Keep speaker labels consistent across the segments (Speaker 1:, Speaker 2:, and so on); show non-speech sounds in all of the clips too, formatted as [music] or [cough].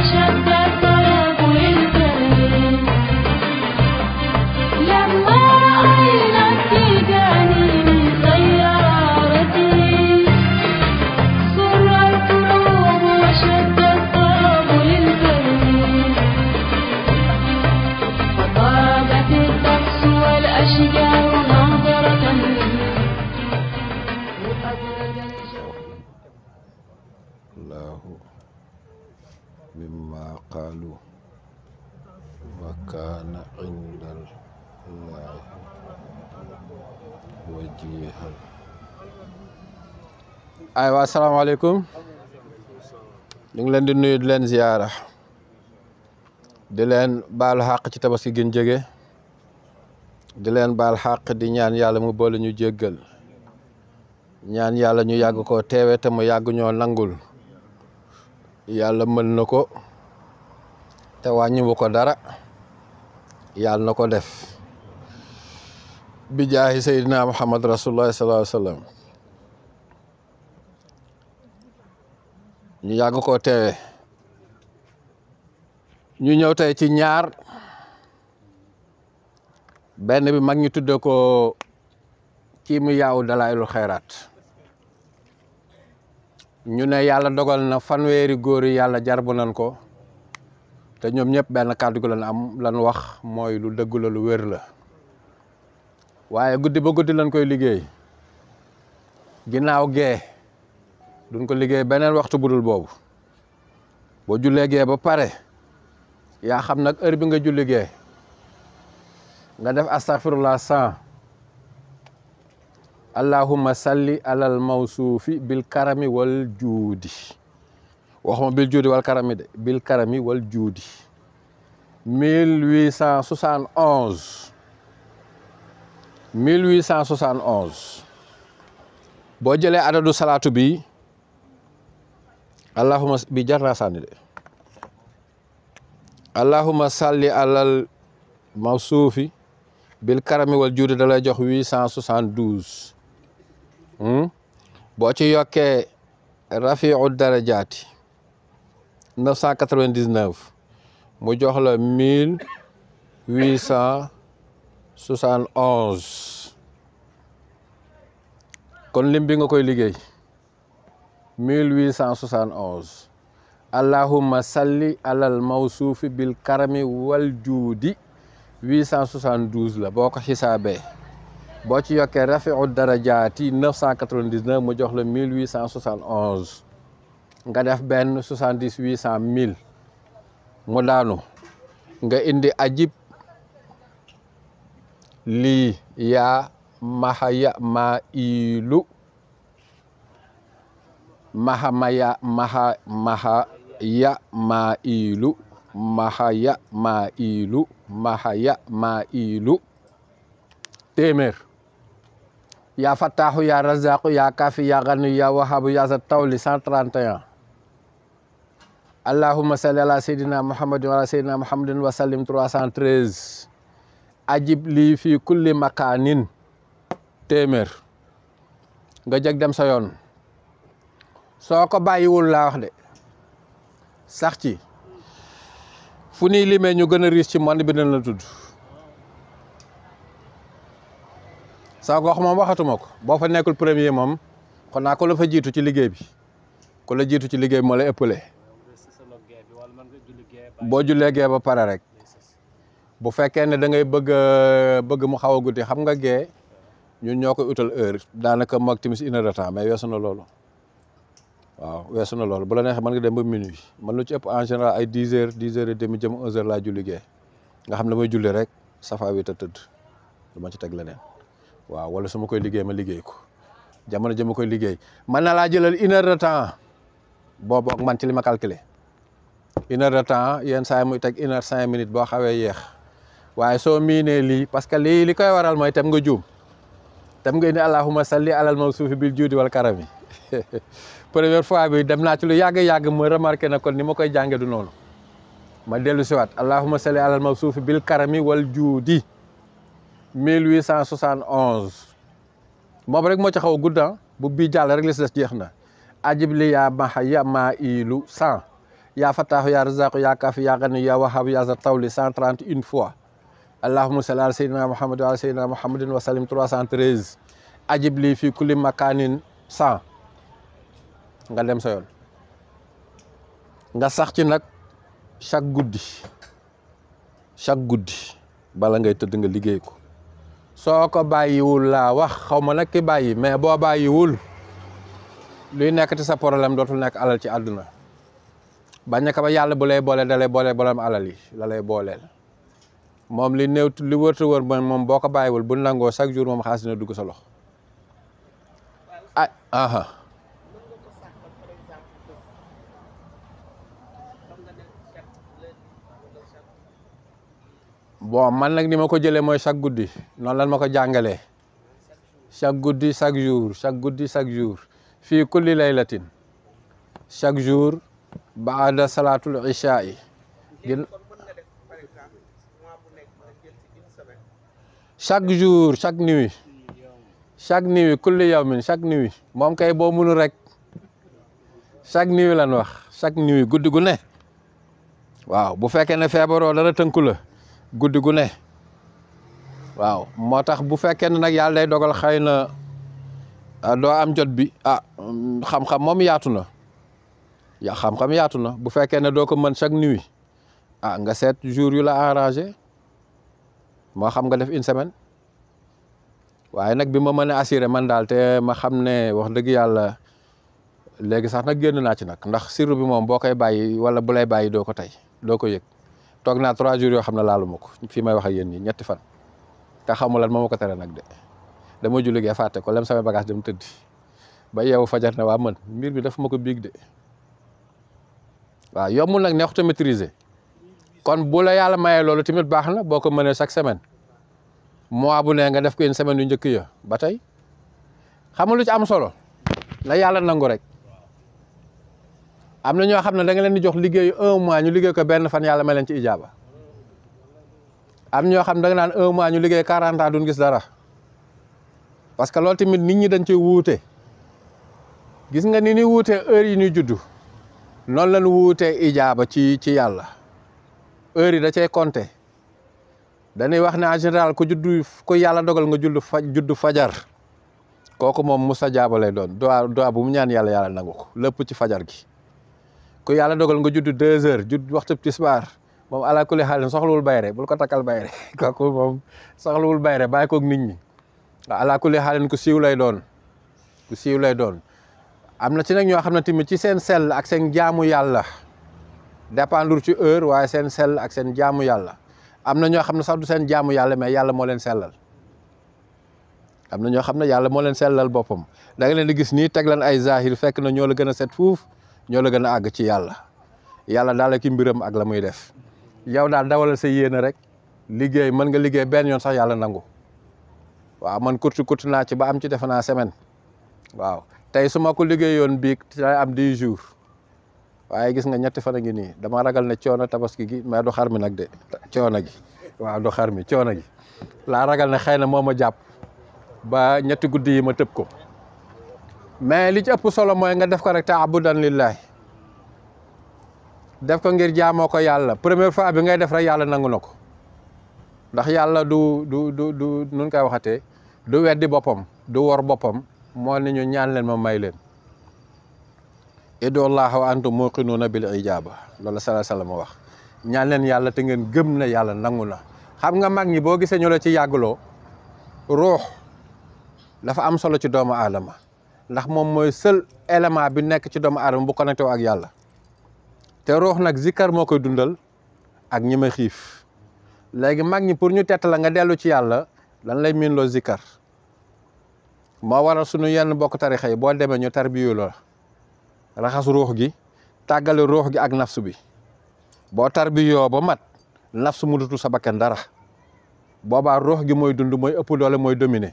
Speaker 1: Thank you. aywa asalaamaaleykum ñu ngi leen di nuyu di leen ziyaara di leen baalu xàq ci tabaski gin jege di leen baal xàq di ñaan yàlla mu boole ñu jéggal ñaan yàlla ñu yàgg koo teewe te mu yàgg ñoo nangul yàlla mën na ko te wàññiwu ko dara yàlla na ko def bi jaahi sayyidina muhammad rasulullah sallallahu ñu yàgg koo teewe ñu ñëw tey ci ñaar benn bi mag ñu tudde ko kii mu yaaw dalaayilul xayraat ñu ne yàlla dogal na fanweeri góor yi yàlla jarbu nan ko te ñoom ñëpp benn kàddu gu lan am lan wax mooy lu dëggula lu wér la waye guddi ba guddi lañ koy liggéey ginnaaw ge duñ ko liggéey benen waxtu budul bobu bo jullee ge ba pare ya xam nak heure bi nga julli ge nga def astaghfirullah sa allahumma salli ala al mawsufi bil karami wal judi waxuma bil judi wal karami de bil karami wal judi 1871 1871 boo jëlee adadu salaatu bi allahuma bi jar de allahuma salli alal mawsuufi bil karami wal juudi da jox 872 hmm? boo ci yokkee rafiu darajaati 999 mu jox la soixante kon lim bi nga koy liggéey mille huit cent soixante onze allahumma salli alal mawsuufi bil karami wal la boo ko xisaabee boo ci yokkee rafiu darajaati neuf cent mu jox la mille huit cent soixante def benn soixante-dix mille mu indi ajib lii yaa mahaya ma ilu maha maya maha ya ma ilu maha ya ma ilu maha ya ma ilu téeméer yaa fattaaxu yaa razaqu yaa kaafi yaa xanu yaa wahabu yaa sa tawli cent trente et un allahumma salli ala sayyidina muhammadin wa ala sayyidina muhammadin wa sallim trois ajib li fi kulli makanin temer. nga jek dem sa yoon soko bayiwul la wax de sax ci funi limé ñu gëna ris ci monde bi dañ la tudd sa mom waxatumako bo fa nekkul premier mom xona ko la fa jitu ci liggéey bi ko la jitu ci liggéey mo lay ba bu fekkee ne da ngay bëgg bëgg mu xaw a guddi xam nga gee ñun ñoo koy utal heure daanaka mag timis une heure de temps mais weesu na loolu waaw weesu na loolu bu la neexee mën nga dem ba minuit man lu ci ëpp en général ay dix heures dix heures et demi jëm onze heures laa julli nga xam ne damay julli rek safa wi te tëdd du ma ci teg leneen waaw wala su ma koy liggéey ma liggéey ko jamono ji ma koy liggéey mën na laa jëlal une heure de temps boobu man ci li ma calculé une heure de temps yen saa yi muy teg une heure cinq minutes boo xawee yéex. waaye soo miinee lii parce que lii li koy waral mooy tam nga juum tam nga indi allahuma salli alal mawsuufi bil juudi wal karami [laughs] première fois bi dem naa ci lu yàgg yàgg mooy remarqué na kon ni ma koy jànge noonu ma dellu si waat allahuma salli alal mawsuufi bil karami wal juudi 1871 moom rek moo ca xaw a ah. bu bii jàll rek si des jeex na ajib li yaa maxa ya maa ilu 100 yaa fataaxu yaa razaaku yaa kaafi yaa xani yaa wahab yaa za tawli 131 fois allahumma salli ala sayyidina muhammad wa ala sayyidina muhammadin wa sallim 313 ajib lii fii kulli makaanin 100 nga dem sa yoon nga sax ci nag chaque guddi chaque guddi bala ngay tëdd nga liggéey ko soo ko bàyyiwul laa wax xaw ma nag ki bàyyi mais boo bàyyiwul luy nekk ci sa problème dootul nekk alal ci àdduna bañ ka ba yàlla bu lay boole da lay boole boolem alal la lay booleel moom li néew li wërta wër moom boo ko bàyyiwul bu nangoo chaque jour moom xaalis dina dugg sa loxo ah aha bon man nag ni ma ko jëlee mooy chaque guddi noonu lan ma ko jàngalee chaque guddi chaque jour chaque guddi chaque jour fii kulli laylatin chaque jour baada salaatul ishaa yi chaque jour chaque nuit chaque nuit kulli yawmin chaque nuit moom kay boo mënul rek chaque nuit lan wax chaque nuit guddi gu ne waaw bu fekkee ne feebaroo dara tënku la guddi gu ne waaw moo tax bu fekkee nag yàlla dogal xëy na ah, doo am jot bi ah xam-xam moom yaatu na ya xam-xam yaatu na bu fekkee ne doo ko mën chaque nuit ah nga seet jour yu la enrangé moo xam nga def une semaine waaye nag bi ma mën a assuré man daal te ma xam ne wax dëgg yàlla léegi sax nag génn naa ci nag ndax sirru bi moom boo koy bàyyi wala bu lay bàyyi doo ko tey doo ko yëg toog naa trois jours yoo xam ne laalu ma ko fii may wax ak yi ñetti fan te xamul lan moo ma ko tere nag de dama julli gee fàtte ko lem sama bagage dem tëdd ba yeewu fajar ne waa man mbir mi daf ma ko biig de waaw yombul nag neexut a maîtriser kon bu la yàlla mayee loolu tamit baax na boo ko mënee chaque semaine mois bu ne nga def ko une semaine yu njëkk ya ba tey xam lu ci am solo na yàlla nangu rek am na ñoo xam ne da leen di jox liggéeyu un mois ñu liggéey ko benn fan yàlla may leen ci ijaaba am ñoo xam ne da nga naan un mois ñu liggéey quarante ans gis dara parce que loolu tamit nit ñi dañ ci wuute gis nga ni ni wuute heure yi ñuy juddu noonu lañ wuute ijaaba ci ci yàlla heure yi da cey compter dañuy wax né en général ku juddu ku yalla dogal nga judd fa judd fajar koku mom musa jaaba lay doon doa doa bu mu ñaan yalla yalla nanguko lepp ci fajar gi ku yalla dogal nga judd 2 heures judd waxtu tisbaar mom ala kulli hal soxlul bayre bu ko takal bayre [laughs] koku mom soxlul bayre bàyyi koog nit ñi ala kulli hal ku siw lay doon ku siw lay doon amna ci nak ño xamna timi ci sen sel ak sen jaamu yalla dépendre ci heure waaye seen sell ak seen jaamu yàlla am na ñoo xam ne sax du seen jaamu yàlla mais yàlla moo leen sellal am na ñoo xam ne yàlla moo leen sellal boppam da nga leen di gis nii teg leen ay zahir fekk na ñoo la gën a set fuuf ñoo la gën a àgg ci yàlla yàlla daal ki mbiram ak la muy def yow daal dawalal sa a rek liggéey mën nga liggéey benn yoon sax yàlla nangu waaw man kurti kurti naa ci ba am ci defe naa semaine waaw tey su ma waye gis nga ñetti fa a ngi dama ragal ne ciona tabaski gi ma do xarmi nak de ciona gi wa do xarmi ciona gi la ragal ne xeyna moma japp ba ñetti guddi yi ma tepp ko mais li ci ëpp solo moy nga def ko rek taabudan lillah def ko ngir jaamoo ko yàlla première fois bi ngay def rek yalla na ndax yalla du du du du nun koy waxate du weddi bopam du wor bopam mo ni ñu ñaan leen ma may leen idoo laaha wa antum muqinuuna bil ijaaba loolu sala salama wax ñaan yàlla te ngeen gëm na yàlla nangu na xam nga mag ñi boo gisee ñu la ci yàggloo ruux dafa am solo ci doomu aadama ndax moom mooy sël élément bi nekk ci doomu aadama bu connecté ak yàlla te ruux nag zikkar moo koy dundal ak ñi ma xiif léegi mag ñi pour ñu tett la nga dellu ci yàlla lan lay miin loo zikkar moo waral sunu yenn bokk tarixa yi boo demee ñu tarbiyu la raxas ruux gi tàggale ruux gi ak nafsu bi boo tarbiyoo ba mat nafsu mënatul sa bakkan dara boobaa ruux gi mooy dund mooy ëpp doole mooy dominer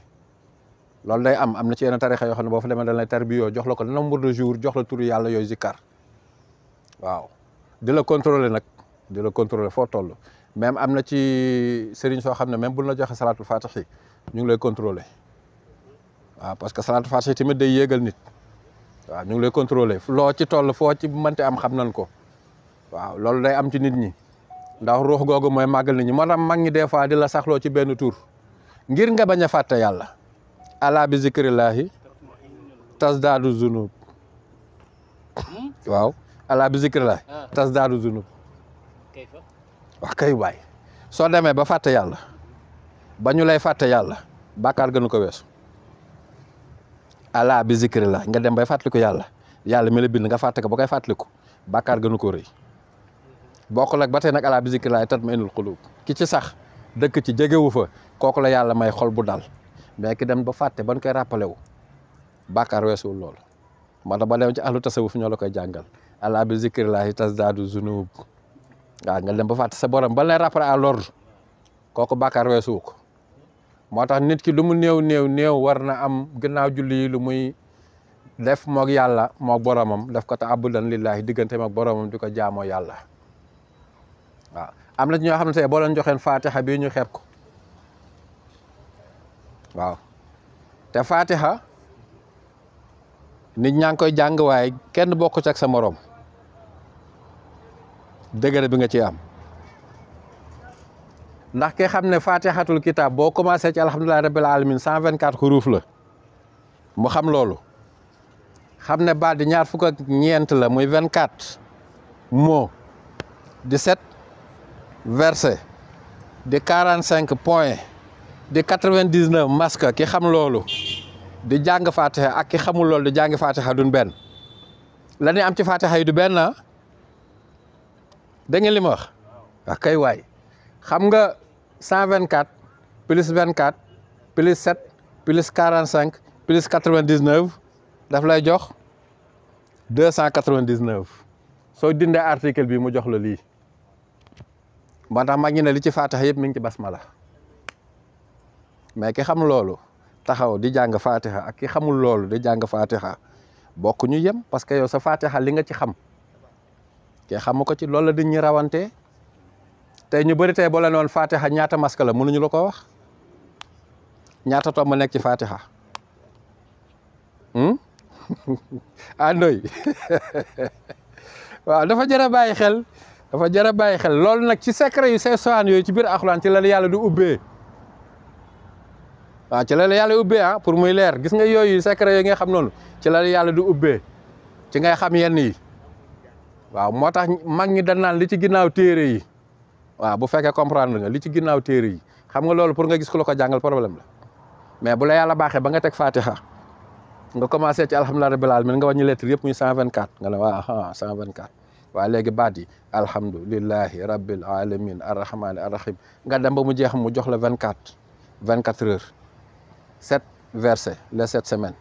Speaker 1: loolu day am am na ci yenn tarixa yoo xam ne boo fa demee dañ lay tarbiyoo jox la ko nombre de jours jox la turu yàlla yooyu zikkar waaw di la contrôler nag di la contrôler foo toll même am na ci sëriñ soo xam ne même bu la joxe salaatul fatix yi ñu ngi lay contrôler waaw parce que salaatul fatix yi day yéegal nit waaw ñu ngi lay contrôler loo ci toll foo ci mënti am xam nañ ko waaw loolu day am ci nit ñi ndax ruux googu mooy màggal nit ñi moo mag ñi des fois di la saxloo ci benn tur ngir nga bañ a fàtte yàlla ala bi zikrillaahi tasdaadu zunub waaw ala bi zikrillaahi zunub wax kay waay soo demee ba fàtte yàlla bañu lay fàtte yàlla bàkkaar gënu ko weesu ala bi zikrillah nga dem bay fatlikou yalla yalla mi bind nga fatte ko bokay fatlikou fàttaliku gënu ko reuy bokkul ak batay nak ala bi zikrillah tatmainul qulub ki ci sax dekk ci jegewu fa koku la yalla may xol bu dal mais ki dem ba fatte ban koy rappelé wu bakar wessu loolu ma da ba dem ci ahlut tasawuf ñoo la koy jangal ala bi zikrillah zunub nga nga dem ba fatte sa borom ba lay rappelé à l'ordre koku wessu ko moo tax nit ki lu mu néew néew néew war na am gannaaw julli yi lu muy def moog yàlla moog boromam def ko ta abudan lillahi diggante moog boromam di ko jaamoo yàlla waaw am na ñoo xam ne tey boo leen joxeen fatiha bii ñu xeeb ko waaw te fatiha nit ñaa ngi koy jàng waaye kenn bokku ci ak sa morom dëgër bi nga ci am ndax ke xam ne faatixatul kitaab boo commencé ci alhamdulilahi rabil alamin cent vingt quatre xuruuf la mu xam loolu xam ne baat ñaar fukk ñeent la muy vingt quatre mots di sept versets di quarante cinq points di quatre vingt dix neuf masque ki xam loolu di jàng faatixa ak ki xamul loolu di jàng faatixa duñ benn la ñuy am ci faatixa yi du benn ah? da ngeen li ma wax kay waay xam nga cent vingt 124 plus 24 plus 7 plus 45 plus 99 daf lay jox 299 soo dindee article bi mu jox la lii moo tax mag ne li ci faatax yëpp mi ngi ci basmala mais ki xam loolu taxaw di jàng faatixa ak ki xamul loolu di jàng faatixa bokk ñu yem parce que yow sa faatixa li nga ci xam ke xamu ko ci loolu di ñi rawante tey ñu bëri tey boo leen woon Fatiha ñaata masque la mënuñu la ko wax ñaata tomb nekk ci Fatiha hmm? [laughs] ah [laughs] waaw dafa jar bàyyi xel dafa jar a bàyyi xel loolu nag ci secret yu say soxaan yooyu ci biir Alxuraan ci la yàlla du ubbee waaw ci la yàlla ubbee ah pour muy leer gis nga yooyu secret yooyu nga xam noonu ci la yàlla du ubbee ci ngay xam yenn yi waaw moo tax mag ñi dañ naan li ci ginnaaw téere yi. wa bu fekke comprendre nga li ci ginnaw téré yi xam nga lolu pour nga gis ko lako jangal problème la mais bu la yalla baxé ba nga tek fatiha nga commencé ci alhamdulilah rabbil alamin nga wàññi lettre yëpp muy 124 nga la wa ah 124 wa léegi badi yi rabbil alamin arrahman arrahim nga dem ba mu jeex mu jox la 24 24 heures 7 verset les 7 semaines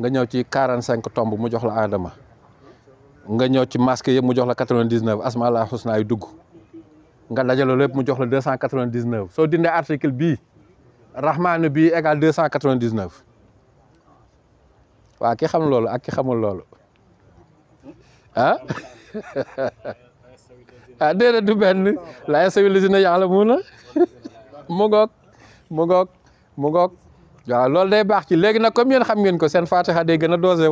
Speaker 1: nga ñëw ci 45 tombe mu jox la adama nga ñëw ci masque yëpp mu jox la 99 asma allah husna yu dugg nga dajale lépp mu jox la deux cent quatre vingt dix neuf soo dindee article bii rahmaani bii égal deux cent quatre vingt dix neuf waaw ki xam loolu ak ki xamul loolu ah [laughs] ah déedéet du benn laay sawili si ne yàlla mun na [laughs] mu ngoog mu ngoog mu ngoog waaw loolu day baax ci léegi nag comme yéen xam ngeen ko seen fatiha day gën a dosé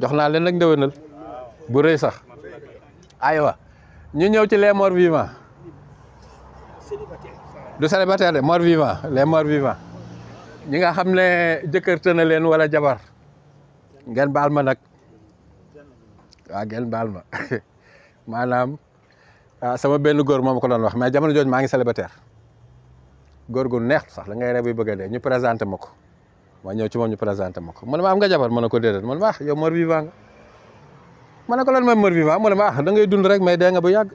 Speaker 1: jox naa leen nag ndëwénal bu rëy sax aywa ñu ñëw ci les morts du célibataire de morts vivants les morts vivants ñi nga xam ne jëkkër tëna leen wala jabar ngeen baal ma nag waaw ngeen baal ma [laughs] maanaam ah, sama benn góor moom ko doon wax mais jamono jooju maa ngi célibataire góor gu neex sax la ngay rey buy bëgg a dee ñu présenté ma ko ma ñëw ci moom ñu présenté ma ko man ma am nga jabar ma ne ko déedéet man ma ah yow mort vivant mané ko lan moy mort vivant mo le ma da ngay dund rek may dé nga bu yag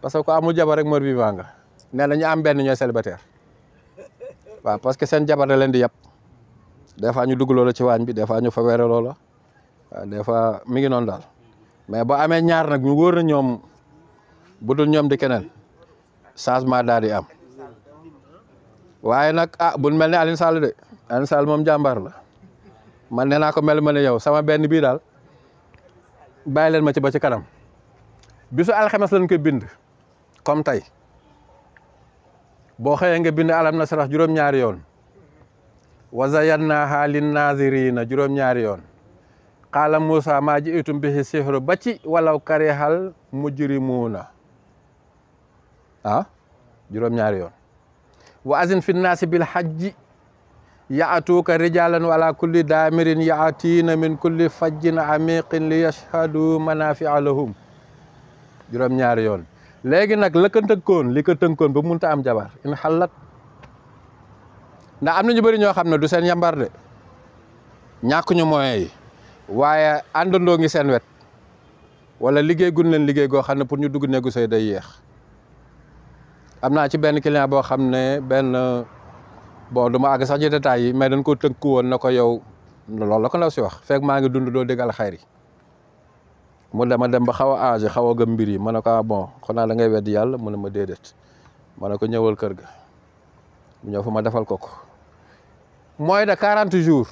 Speaker 1: parce que amu jabar rek mort vivant nga né lañu am benn ñoy célibataire wa ya. parce que sen jabar da leen di yàpp des fois ñu dugg lolo ci wañ bi des fois ñu fa wéré lolo des fois mi ngi non dal mais bo amé ñaar nak ñu wor na ñom bu dul ñom di kenen changement daal di am waaye nak ah buñ melni aline Sall de aline Sall mom jambar la man né na ko mel mané yow sama benn bi dal bàyyi leen ma ci ba ci kanam bisu alxames lañ ko bind comme tey boo xëyee nga bind alam nasrah juróom-ñaari yoon wa zayyannaahaa na juróom-ñaari yoon qaala Muusaa maa ji'tum bihi sihru ba ci walaw karihal mujrimuuna ah juróom-ñaari yoon wa azin fi nnaasi bil yaatuuka rijalan wala kulli daamirin yaatiina min kulli fajjin amiqin li yashhadu manafia lahum juróom-ñaari yoon léegi nag la ko tënkoon ko tënkoon ba munta am jabar in xallat ndax am na ñu bëri ñoo xam ne du seen yambar de ñàkk ñu yi waaye àndandoo ngi seen wet wala liggéey gun leen liggéey goo xam ne pour ñu dugg néegu sëy day yéex am naa ci benn client boo xam ne benn bon du ma àgg sax ci détails yi mais dañ ko tënku woon na ko yow loolu la ko ndaw si wax fekk maa ngi dund doo déggal xayri mu dema dem ba xaw a âgé xaw a gëm mbir yi ma ne ko ah bon xanaa da ngay weddi yàlla mu ne ma déedéet ma ko ñëwal kër ga ñëw fa ma defal ko ko mooy de quarante jours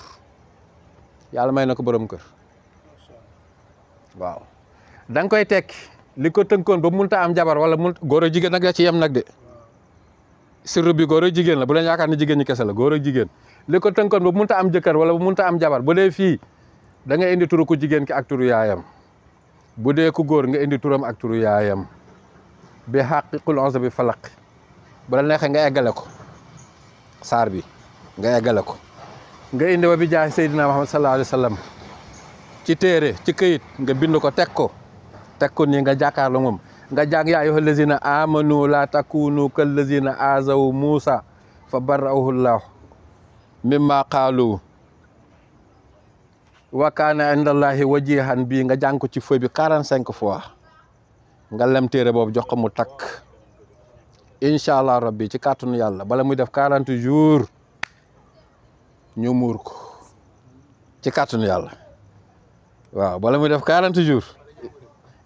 Speaker 1: yàlla may na ko borom kër waaw da koy tekki li ko tënkoon ba mënut ta am jabar wala mënut góor a jigéen nag da ci yem nag de. sirru bi góor ak jigéen la bu leen yaakaar na jigéen ñi kese la góor ak jigéen li ko tënkoon mun munta am jëkkër wala mun munta am jabar bu dee fii da nga indi turu ku jigéen ki ak turu yaayam bu dee ku góor nga indi turam ak turu yaayam bi xàq qul bi falaq bu la neexee nga eggale ko saar bi nga eggale ko nga indi ba bi jaay Seydina Muhammad sallallahu alayhi wa ci téere ci këyit nga bind ko teg ko teg ko nii nga jàkkaarloo moom nga jàng yaa ayyuha allazina amanu la takunu kallazina azaw muusa fa barra'ahu llahu mimma qaalu wa kaana indallahi wajihan bii nga jàng ko ci feu bi quarante cinq fois nga lem téere boobu jox ko mu takk incha allah rabbi ci kàttanu yàlla bala muy def quarante jours ñu ko ci kàttanu yàlla muy def quarante jours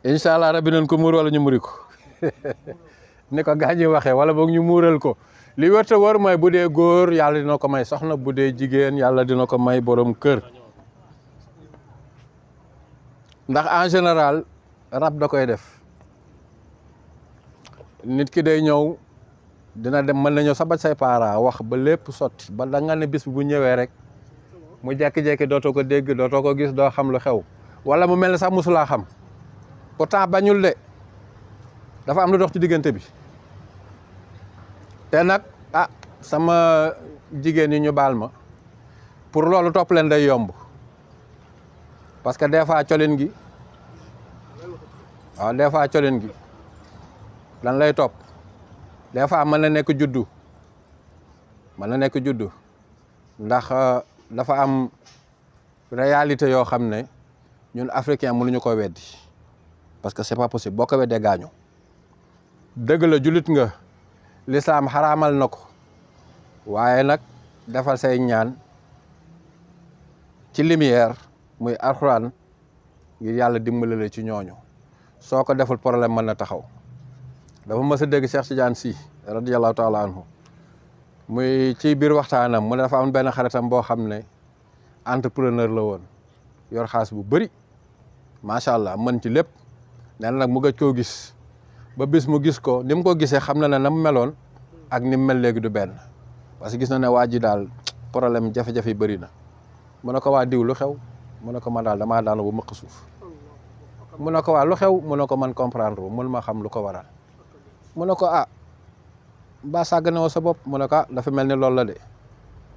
Speaker 1: incha allah rabi nañ ko muur wala ñu muri ko [laughs] ni ko gaañi waxee wala boog ñu muural ko li wërta wër mooy bu dee góor yàlla dina ko may soxna bu dee jigéen yàlla dina ko may boroom kër ndax en général rab da koy def nit ki day ñëw dina dem mën na ñëw sabat say parent wax ba lépp sotti ba da nga ne bis bu ñëwee rek mu jekki-jekki dootoo ko dégg dootoo ko gis doo xam lu xew wala mu mel ne sax mosulaa xam pourtant bañul de dafa am lu dox ci digënté bi té nak ah sama jigéen ñu baal ma pour lolu top leen day yomb parce que des fois cholin gi ah des fois cholin gi lan lay top, des fois man la nekk juddu man la nekk juddu ndax dafa am réalité yo xamné ñun africain ñu ko wéddi parce que c'est pas possible boo ko weddee gaañu dëgg la julit nga lislaam xaraamal na ko waaye nag defal say ñaan ci lumière muy alxuraan ngir yàlla dimbali la ci ñooñu soo ko deful problème mën na taxaw dafa mës a dégg Cheikh Tidiane Sy radiyallahu taala anhu muy ci biir waxtaanam mu ne dafa am benn xaritam boo xam ne entrepreneur la woon yor xaalis bu bëri macha allah mën ci lépp nan nak mu gëj koo gis ba bis mu gis ko nim ko gisse xamna na nam melone ak nim mel legui du ben parce gis na ne waji dal daal problème jafé jafe yi na mu wa diw lu xew mu ma dal dama dal bu suuf wa lu xew mu man comprendre wu mun ma xam lu ko waral mu ah ba sàgg na sa bop mu ne ko melni ah, dafa la de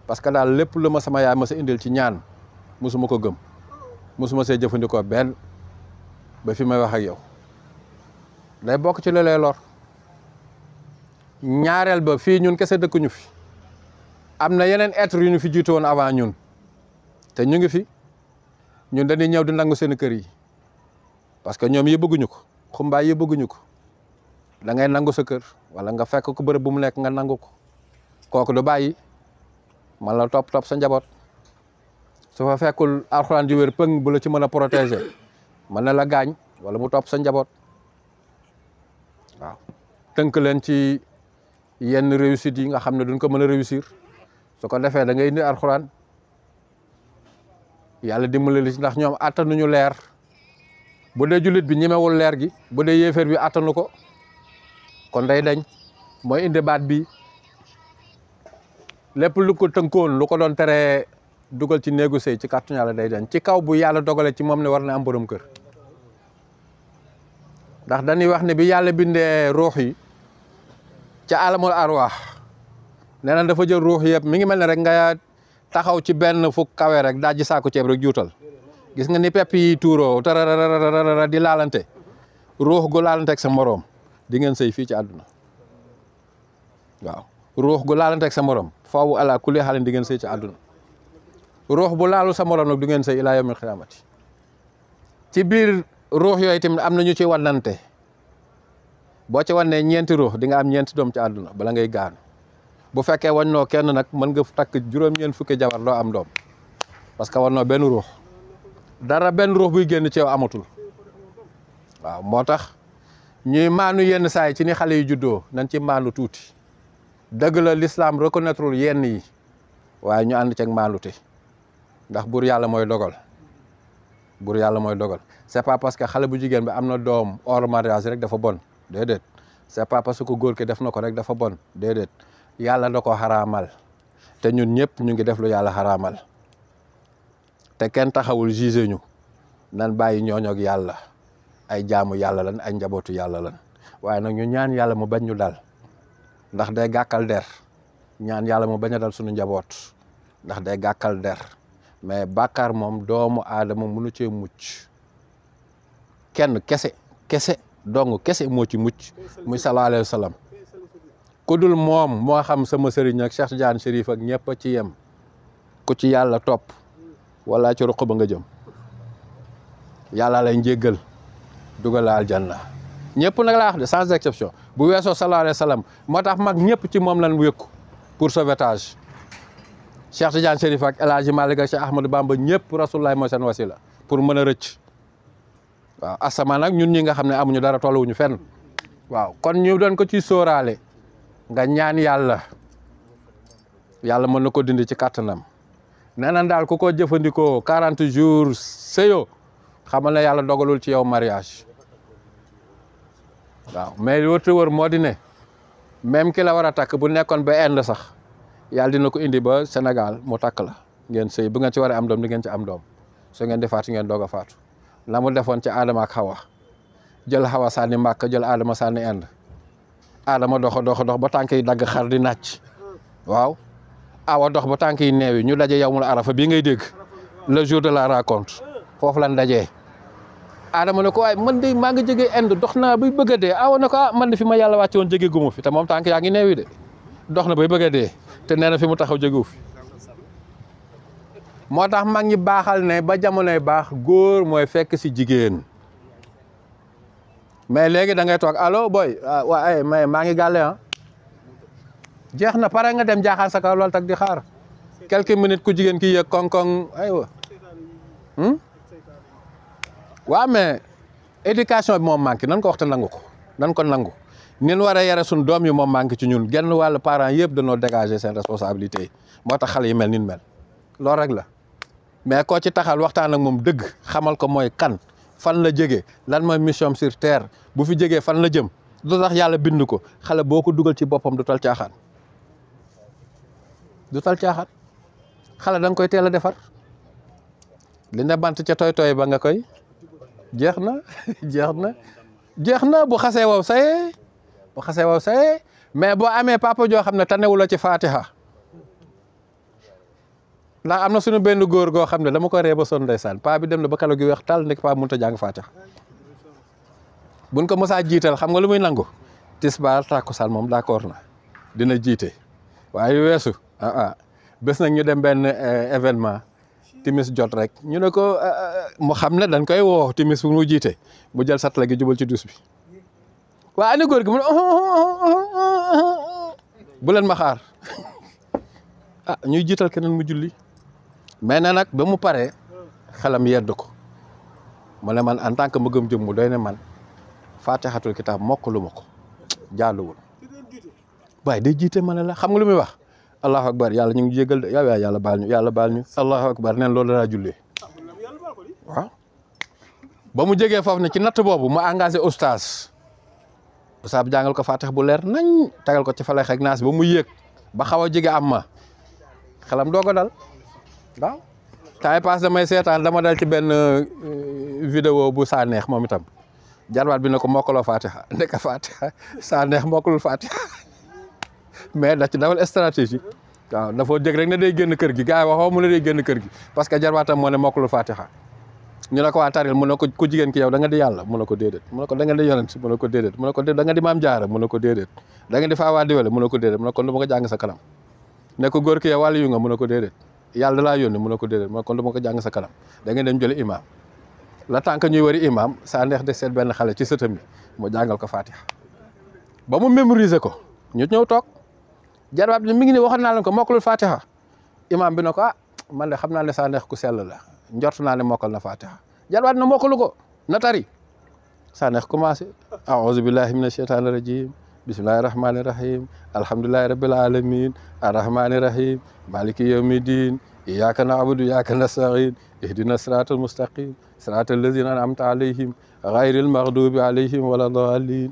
Speaker 1: parce que dal lepp lu ma sama yaay ma sa indil ci ñaan musuma ko gëm musuma sey jëfëndiko ben ba fi may wax ak yow day bokk ci lu lay ñaareel ba fii ñun kese dëkkuñu fi am na yeneen être yu ñu fi jiitu woon avant ñun te ñu ngi fi ñun dañuy ñëw di nangu seen kër yi parce que ñoom yi bëgguñu ko xumbaay yi bëgguñu ko da ngay nangu sa kër wala nga fekk ko bërëb bu mu nekk nga nangu ko kooku du bàyyi man la topp topp sa njaboot su fa fekkul alxuraan ju wér pëng bu la ci mën a protéger mën na la gaañ wala mu top sa njaboot. waaw tënk leen ci yenn réussite yi nga xam ne duñ ko mën a réussir su ko defee da ngay indi alxuraan yàlla dimbali li ci ndax ñoom attanuñu leer bu dee jullit bi ñemewul leer gi bu dee yéeféer bi attanu ko kon day deñ mooy indi baat bi lépp lu ko tënkoon lu ko doon teree dugal ci néegu sëy ci kàttu yàlla day dañ ci kaw bu yàlla dogale ci moom ne war na am borom kër ndax dañuy wax ne bi yàlla bindee ruux yi ca alamul arwaax nee na dafa jël ruux yëpp mi ngi mel ne rek nga taxaw ci benn fu kawee rek daal ji saako ceeb rek juutal gis nga ni pepp yi tuuroo tararararara di laalante ruux gu laalanteeg sa moroom di ngeen sëy fii ci àdduna waaw ruux gu laalanteeg sa moroom faaw ala kulli xaalin ngeen sëy ci àdduna ruux bu laalu sa moroom nag du ngeen sëy ilaa yawmil xiyaamati ci biir ruux yooyu tamit am na ñu ci wànnante boo ci wanee ñeenti ruux di nga am ñeenti doom ci àdduna bala ngay gaanu bu fekkee wañ noo kenn nag mën nga takk juróom-ñeent fukki jabar doo am doom parce que wannoo benn ruux dara benn ruux buy génn ci yow amatul waaw moo tax ñuy maanu yenn saay ci ni xale yu juddoo nañ ci maanu tuuti dëgg la l'islam yenn yi waaye ñu ànd ceeg maanute ndax buur yàlla mooy dogal buur yàlla mooy dogal c'est pas parce que xalé bu jigen bi amna dom or mariage rek dafa bon dedet c'est pas parce que goor ke def nako rek dafa bon dedet yalla dako haramal te ñun ñëpp ñu ngi def lu yalla haramal te ken taxawul jiser ñu nan bayyi ñoñok yalla ay jaamu yalla lan ay njabotu yalla lan waye nak ñu ñaan yalla mu bañ ñu dal ndax day gakal der ñaan yalla mu baña dal suñu njabot ndax day gakal der mais bakar mom doomu ci mucc kenn kese kese dong kese moo ci mucc muy sallallahu alayhi wa sallam moom moo xam sama sëriñ ak Cheikh Tidiane Chérif ak ñëpp ci yem ku ci yàlla topp wala ci ruq ba nga jëm yàlla lay njéggal dugal la aljanna ñëpp nag laa wax de sans exception bu weesoo sallallahu alayhi moo tax mag ñëpp ci moom lan wékku pour sauvetage Cheikh Tidiane Chérif ak El Hadji Malick ak Cheikh Ahmadou Bamba ñëpp rasulullahi moo wasila pour mën a rëcc waaw asamaan nag ñun ñi nga xamne amuñu dara wuñu fenn waaw kon ñu doon ko ci sóoraale nga ñaan yalla yalla mëna ko dindi ci katanam nee dal ku ko jëfëndiko 40 jours seyo xamal na yalla dogalul ci yow mariage waaw mais modine, wër modi di ne même ki la wara tak bu nekkon ba end sax yalla dina ko indi ba Sénégal mo tak la ngeen sey bu ngeen ci wara am doom ngeen ci am doom so ngeen defaat ngeen doga faatu la mu defoon ci aadama ak xawa jël xawa sànni màkk jël aadama sànni ind aadama doxa doxa dox ba tànk yi dagg xar di nàcc waaw awa dox ba tànk yi neewi ñu daje yawmul arafa bii ngay dégg le jour de la rencontre foofu lan dajee aadama ne ko waaye man de maa ngi jógee ind dox na bay bëgg a dee awa ne ko ah man de fi ma yàlla wàcce woon jógee gumu fi te moom tànk yaa ngi neewi de dox na bay bëgg a dee te nee na fi mu taxaw jógewu fi moo tax mag ñi baaxal ne ba jamonoy baax góor mooy fekk si jigéen mais léegi da ngay toog allo boy ah, waaye eh, mais maa ngi gàlle ah jeex na pare nga dem jaaxaar sa kaw lool di xaar quelques minutes ku jigéen ki yëg koŋ-koŋ aywa hmm? waaw mais éducation bi moom manqué nan ko waxta nangu ko nan ko nangu nin war a yare suñ doom yi moom manqué ci ñun genn wàllu parents yëpp danoo dégagé seen responsabilité yi moo tax xale yi mel nin mel loolu rek la mais koo ci taxal waxtaan ak moom dëgg xamal ko mooy kan fan la jógee lan mooy mission sur terre bu fi jógee fan la jëm lu tax yàlla bind ko xale boo ko dugal ci boppam du tal caaxaan du tal caaxaan xale dang koy teel a defar li ne bant ca tooy tooy ba nga koy jeex na [laughs] jeex na jeex na bu xasee wow sayee bu xasee wow sayee mais boo amee papa joo xam ne ta tanewula ci faatiha ndax am na suñu benn góor goo xam ne dama ko ree ba sonn ndeysaan paa bi dem na ba kala gi weex tàll nekk paa mënut a jàng faatiha buñ ko mosaa jiital xam nga lu muy nangu tisbaar tàkkusaan moom d'accord na dina jiite waaye weesu ah ah ñu dem benn eh, événement timis jot rek ñu ne ko eh, eh, mu xam ne dañ koy woo timis bu mu jiite mu jël satala gi jubal ci dus bi waa ana góor mu ne oh, oh, oh, bu leen ma xaar [laughs] ah ñuy jiital keneen mu julli mais na nag ba mu pare xelam yedd ko mu ne man en tant que ma gëm doy ne man faatixatul kitaab mokk lu ma ko jaaluwul waaye day jiite ma ne la xam nga lu muy wax allahu akbar yàlla ñu ngi jégal de yow yaa yàlla baal ñu yàlla baal ñu allahu akbar neen loolu laa jullee waaw ba mu jegee foofu ne ci natt boobu mu engagé oustaz oustaz bi jàngal ko faatix bu leer nañ tagal ko ci falax naas ba mu yéeg ba xaw a jege am ma xelam doog a dal waaw temps yi passe damay seetaan dama dal ci benn vidéo bu Sanex moom itam jarbaat bi ne ko mokkaloo Fatiha ndeka Fatiha Sanex mokkalul Fatiha mais da ci dawal stratégie waaw dafa jëg rek ne day génn kër mu ne day génn kër gi parce que jarbaatam moo ne mokkalul Fatiha ñu ne ko waa mu ne ko ku jigéen ki yow da nga di yàlla mu ne ko déedéet mu ne ko da nga di ko déedéet mu ko da nga di maam jaara mu ne ko déedéet da nga di faawaa diwale mu ne ko déedéet mu ne ko du ma jàng sa kanam ne ko góor ki yow wàllu yu nga mu ko déedéet yàlla da laa yónni mu ko déedéet ma kon dama ko jàng sa kanam da ngeen dem jëli imaam la tànk ñuy wari imaam saa neex de seet benn xale ci sëtam moo mu ko Fatiha ba mu mémoriser ko ñu ñëw toog jarbaab bi mi ngi ni waxoon naa leen ko mokkalul Fatiha imaam bi na ko ah man de xam naa ne saa neex ku sell la njort naa ne mokkal na Fatiha jarbaab na mokkalu ko na tari saa neex commencé a'uuzu billahi mina shaytaani rajim بسم الله الرحمن الرحيم الحمد لله رب العالمين الرحمن الرحيم مالك يوم الدين إياك نعبد وإياك نستعين اهدنا الصراط المستقيم صراط الذين أنعمت عليهم غير المغضوب عليهم ولا الضالين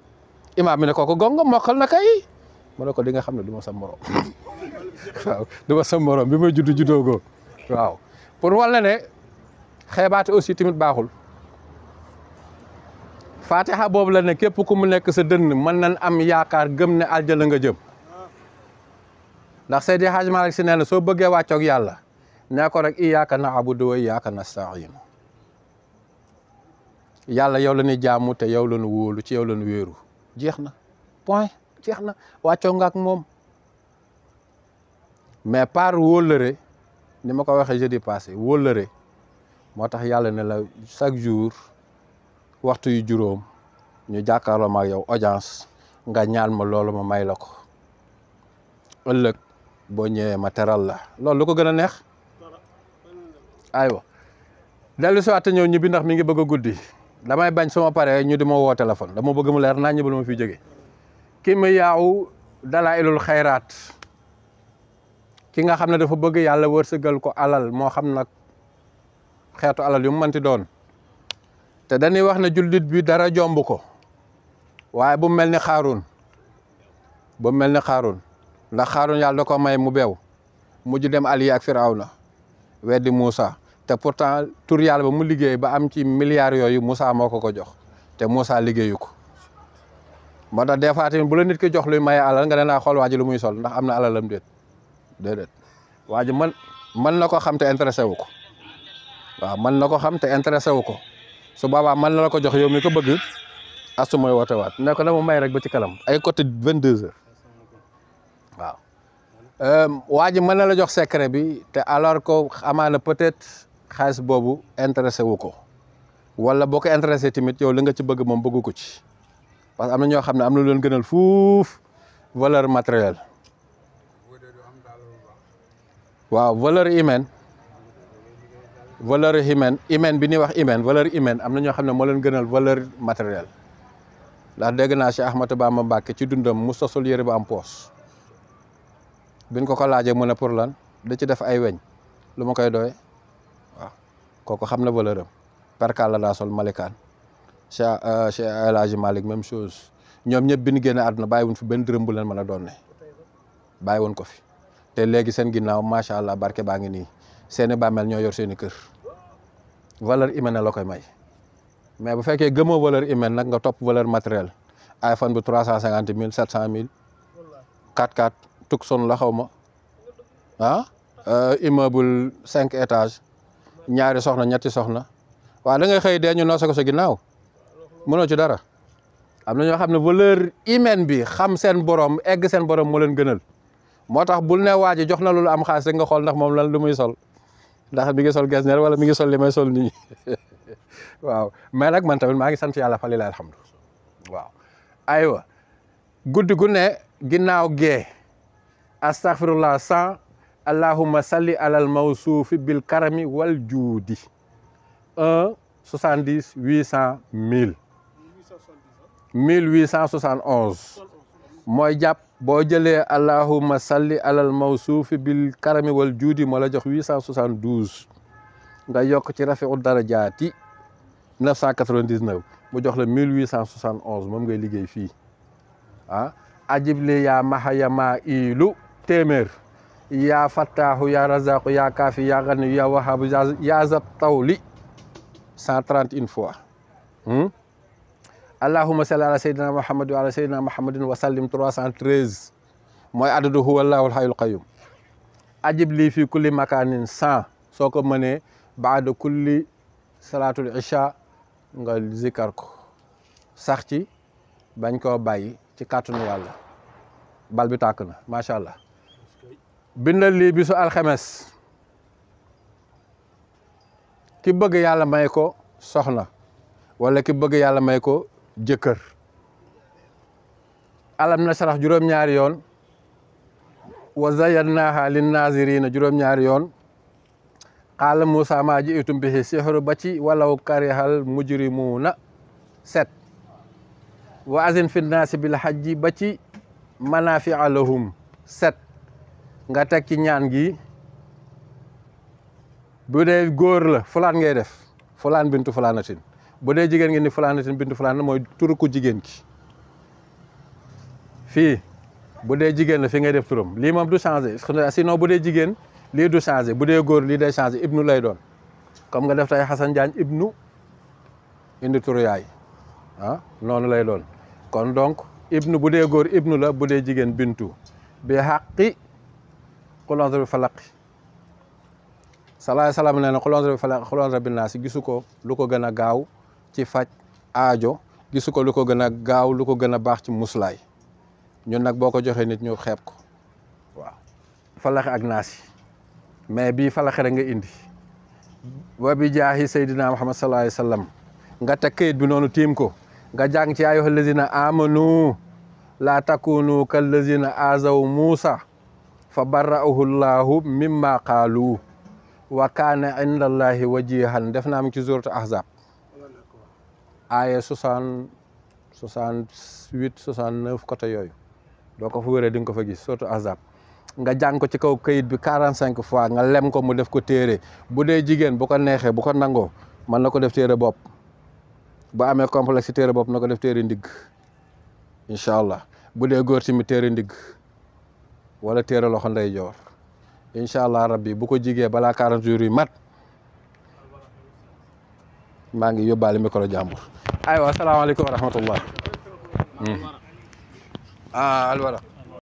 Speaker 1: إمام نكو كو غونغ موخال mokkal na kay mu ne ko di nga xam ne du ma sa morom [laughs] waaw du ma sa morom bi may judd juddoogoo waaw fatiha boobu la ne képp ku mu nekk sa dënn mën nañ am yaakaar gëm ne aljala nga jëm ndax Seydi Hadj Malick si nee na soo bëggee wàccoog yàlla nee ko rek iyyaka na'budu wa na nasta'in yàlla yow la ñuy jaamu te yow la ñu ci yow la ñu wéeru jeex na point jeex na wàccoo nga moom mais par wóllëre ni ma ko waxee jeudi passé wóllëre moo tax yàlla ne la chaque jour Waktu yu juróom ñu jakarlo ma yow audience nga ñaan ma loolu ma may la ëlëk bo ñëwé ma téral la loolu ko gëna a neex aywa dellu si waat ñëw ñibi ndax mi ngi bëgg a guddi damay bañ suma paré ñu di mo wo téléphone dama bëgg mu leer naa bu ma fi jëgé ki ma yaaw dalailul khairat ki nga xamne dafa bëgg yalla wërsegal ko alal mo xam nag alal yu mu mënti doon te dañuy wax ne jullit bi dara jomb ko waaye bu mel ni xaaroon bu mel ni xaaroon ndax xaaroon yàlla da ko may mu beew mujj dem allié ak Firawna weddi Moussa te pourtant tur yàlla ba mu liggéey ba am ci milliards yooyu Moussa moo ko ko jox te Moussa liggéeyu ko moo tax des fois la nit ki jox luy maye alal nga ne naa xool waa lu muy sol ndax am na alalam déet déedéet waa ji mën mën na ko xam te intéressé wu ko waaw mën na ko xam te intéressé wu ko su boobaa man na la ko jox yow mi ko bëgg asu mooy woote waat ne ko dama may rek ba ci kanam ay côté vingt deux heures waaw euh, waa ji mën na la jox secret bi te alors que amaana peut-être xaalis boobu intéressé wu ko wala boo ko intéressé tamit yow li nga ci bëgg moom bëgg ko ci parce que am na ñoo xam ne am na lu leen gënal fuuf valeur matérielle waaw valeur humaine valeur humaine humaine bi ñuy wax humaine valeur humaine am na ñoo xam ne moo leen gënal valeur matériel ndax dégg naa Cheikh Ahmadou Bamba Mbàkke ci dundam mu sosol yëre bu am poos biñ ko ko laajee mu ne pour lan da ci def ay weñ lu ma koy doy waaw kooku xam na valeur am perkaal la daa sol malikaan Cheikh euh, Cheikh El Hadji Malick même chose ñoom ñëpp bi ñu génne àdduna bàyyi wuñ fi benn dërëm bu leen mën a doon ne bàyyi wuñ ko fi te léegi seen ginnaaw macha allah barke baa ngi nii seeni bàmmeel ñoo yor seeni kër valeur humaine la koy may mais bu fekkee gëmoo valeur humaine nag nga topp valeur matériel iPhone bu trois cent cinquante mille sept cent mille quatre quatre Tucson la xaw ma ah euh, immeuble cinq étages ñaari soxna ñetti soxna waaw da xëy dee ñu noo ko sa ginnaaw mënoo ci dara am na ñoo xam ne valeur humaine bi xam seen borom egg seen borom moo leen gënal moo tax bul ne waa jox na lu am xaalis rek nga xool ndax moom lan lu muy sol. ndax mi ngi sol gasner wala mi ngi sol li may sol nii [laughs] waaw mais nag man tamit maa ngi sant yàlla fa lilahi alhamdu waaw aywa guddi gu ginnaaw gee astaghfirullah san allahumma salli alal mawsuufi bil karami wal juudi un soixante mille mille huit cent soixante onze mooy jàpp boo jëlee allahuma salli alal mawsuufi bil karami wal juudi moo jox nga yokk ci rafiu darajaati 999 mu jox la 1871 moom ngay liggéey fii ah ajib li yaa maxa ya maa iilu téeméer yaa fattaahu yaa razaqu yaa kaafi yaa xani yaa wahaabu yaa zat tawli 131 fois hmm? allahumma salli ala sayyidina muhammad wa ala sayyidina muhammadin wa sallim 313 mooy adadu huwa allahul hayyul qayyum ajib lii fii kulli makaanin cent soo ko mënee baada kulli salaatul isha nga zikar ko sax ci bañ koo bàyyi ci kàttanu yàlla bal bi tàkk na macha allah bindal lii bisu alxemes ki bëgg yàlla may ko soxna wala ki bëgg yàlla may ko jëkkër alam na sarax juróom ñaar yoon wa lin nazirin juróom ñaar yoon qaala Muusaa maa itum bi sihru ba ci walaw karihal mujrimuna set wa azin fi nas bil hajj ba ci set nga teg ci ñaan gi bu def góor la fulan ngay def fulan bintu fulanatin bu dee jigéen ngi ni fulaanatin bintu fulaana mooy turu ku jigéen ki fii bu dee jigéen la fi ngay def turam lii moom du changé sinon bu dee jigéen lii du changé bu dee góor lii day changé ibnu lay doon comme nga def tey Xasan Jaañ ibnu indi turu yaay ah, noonu lay doon kon donc ibnu bu dee góor ibnu la bu dee jigéen bintu bi xaqi xulonse bi falaqi salaay salaam nee na xulonse bi falaqi xulonse naa si gisu ko lu ko gën a gaaw ci faj aajo gisu ko lu ko gën a gaaw lu ko gën a baax ci muslaay ñun nag boo ko joxee nit ñu xeeb ko waaw falaxe ak naas mais bii falaxe rek nga indi wa bi jaahi saydina muhammad sallallahu alayhi wa nga teg kayit bi noonu tiim ko nga jàng ci ayyuhal lazina amanu laa takunu kal lazina azaw muusa fa barra'ahu llahu mimma qaalu wa kaana inda allahi wajihan def naa am ci suuratu ahzab aaye soixante soixante huit soixante neuf côté yooyu doo ko fa wéree di nga ko fa gis surtout azab nga jàng ko ci kaw kayit bi quarante cinq fois nga lem ko mu def ko téere bu dee jigéen bu ko neexee bu ko nangoo mën na ko def téere bopp bu amee complexe téere bopp na ko def téere ndigg incha allah bu dee góor tamit téere ndigg wala téere loxo ndeyjoor incha allah rabbi bu ko jigee balaa quarante jours yi mat maa ngi yóbbaale micro jàmbur aywa salaamaaleykum wa rahmatullah hmm. ah, alwara